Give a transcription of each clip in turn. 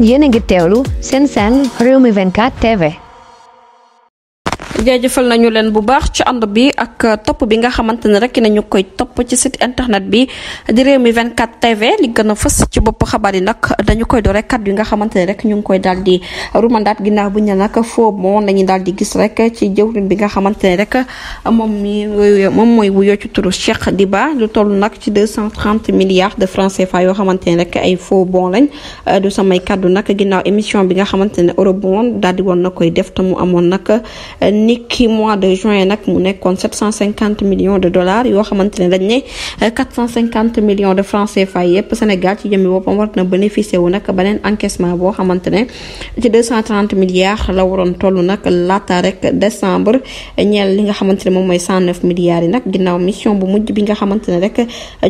Jene Teolu, sen sen Rumi Venkat TV jaajëfal nañu leen bu baax ci ànd bi ak topp bi nga xamante ne rek nañu koy topp ci site internet bi di réew mi 24 TV li gën a fës ci bopp xabaar yi nag dañu koy doore kat yi nga xamante ne rek ñu ngi koy daal di rumandaat ginnaaw bu ñu nag foo moom nañu daal di gis rek ci jëwrin bi nga xamante ne rek moom mi moom mooy wuyoo ci turu Cheikh Diba lu toll nag ci 230 milliards de francs CFA yoo xamante ne rek ay faux bon lañ du samay kaddu nag ginnaaw émission bi nga xamante ne eurobond daal di woon na koy def te mu amoon nag niki mois de juin nak mu nekkoon 750 millions de dollars yo xamantene dañ né 450 euh, millions de francs CFA yépp Sénégal ci jëmi bopam war na bénéficier wu nak beneen encaissement bo xamantene ci 230 milliards la waron tollu nak laata rek décembre ñeel li nga xamantene mom moy 109 milliards yi nag ginnaaw mission bu mujj bi nga xamantene rek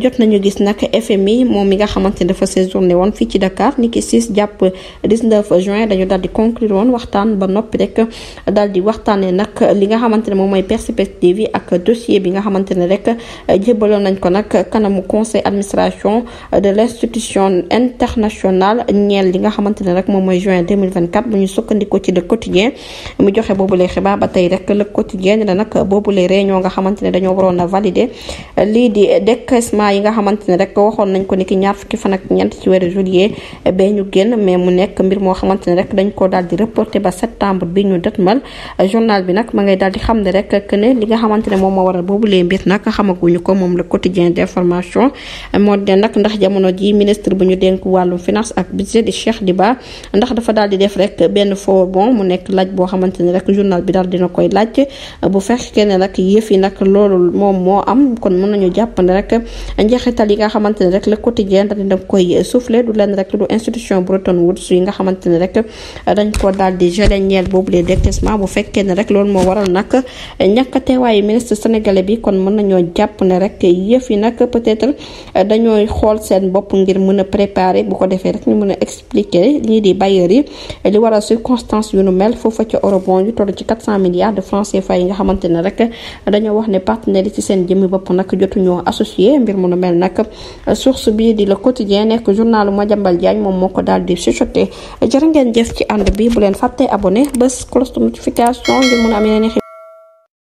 jot nañu gis nak FMI mom mi nga xamante ne dafa séjourné won fi ci Dakar niki 6 japp 19 juin dañu dal di conclure woon waxtaan ba nopi rek dal di waxtaané nag Eh, li nga xamante ne moom mooy perspective yi ak dossier bi nga xamante ne rek eh, jébbaloon nañ ko nag kanamu conseil administration eh, de l' institution internationale ñeel li nga xamante ne rek moom mooy juin 2024 bu sukkandiku sukkandikoo ci le quotidien mu joxe boobu lay xibaar ba tey rek le quotidien la nag boobu lay réunion nga xamante ne dañoo waroon a valider lii di décaissement yi nga xamante ne rek waxoon nañ ko ni ki ñaar fukki fanak ak ñeent ci weeru juillet bee ñu génn mais mu mbir moo xamante ne rek dañ ko daal di reporté ba septembre bi ñu dëtmal journal bi nag ma ngay daal di xam ne rek que ne li nga xamante ne moom moo waral boobu lee mbir nag xamaguñu ko moom le quotidien d'information moo de nag ndax jamono ji di Cheikh Diba ndax dafa daal di def rek benn faux bon mu nekk laaj boo xamante ne rek journal bi daal dina koy laaj bu fekkee ne nag yëf yi nag moo am kon mën nañu jàpp ne rek yi nga xamante ne rek le quotidien daal dina koy soufflé du yi nga xamante ne rek dañ ko daal di gelé ñeel boobu rek loolu loolu moo waral nag ñàkk teewaayu ministre sénégalais bi kon mën nañoo jàpp ne rek yëf yi nag peut-être dañooy xool seen bopp ngir mën a préparer bu ko defee rek ñu mën a expliquer lii di bailleurs yi li waral circonstance yu nu mel foofa ca eurobond yu toll ci 400 milliards de francs CFA yi nga xamante ne rek dañoo wax ne partenaires ci seen jëmmi bopp nag jotuñoo associé mbir mu nu mel nag source bi di le quotidien nekk ma Madiambal Diagne moom moo ko daal di chuchoté jërë ngeen jëf también en ejecución.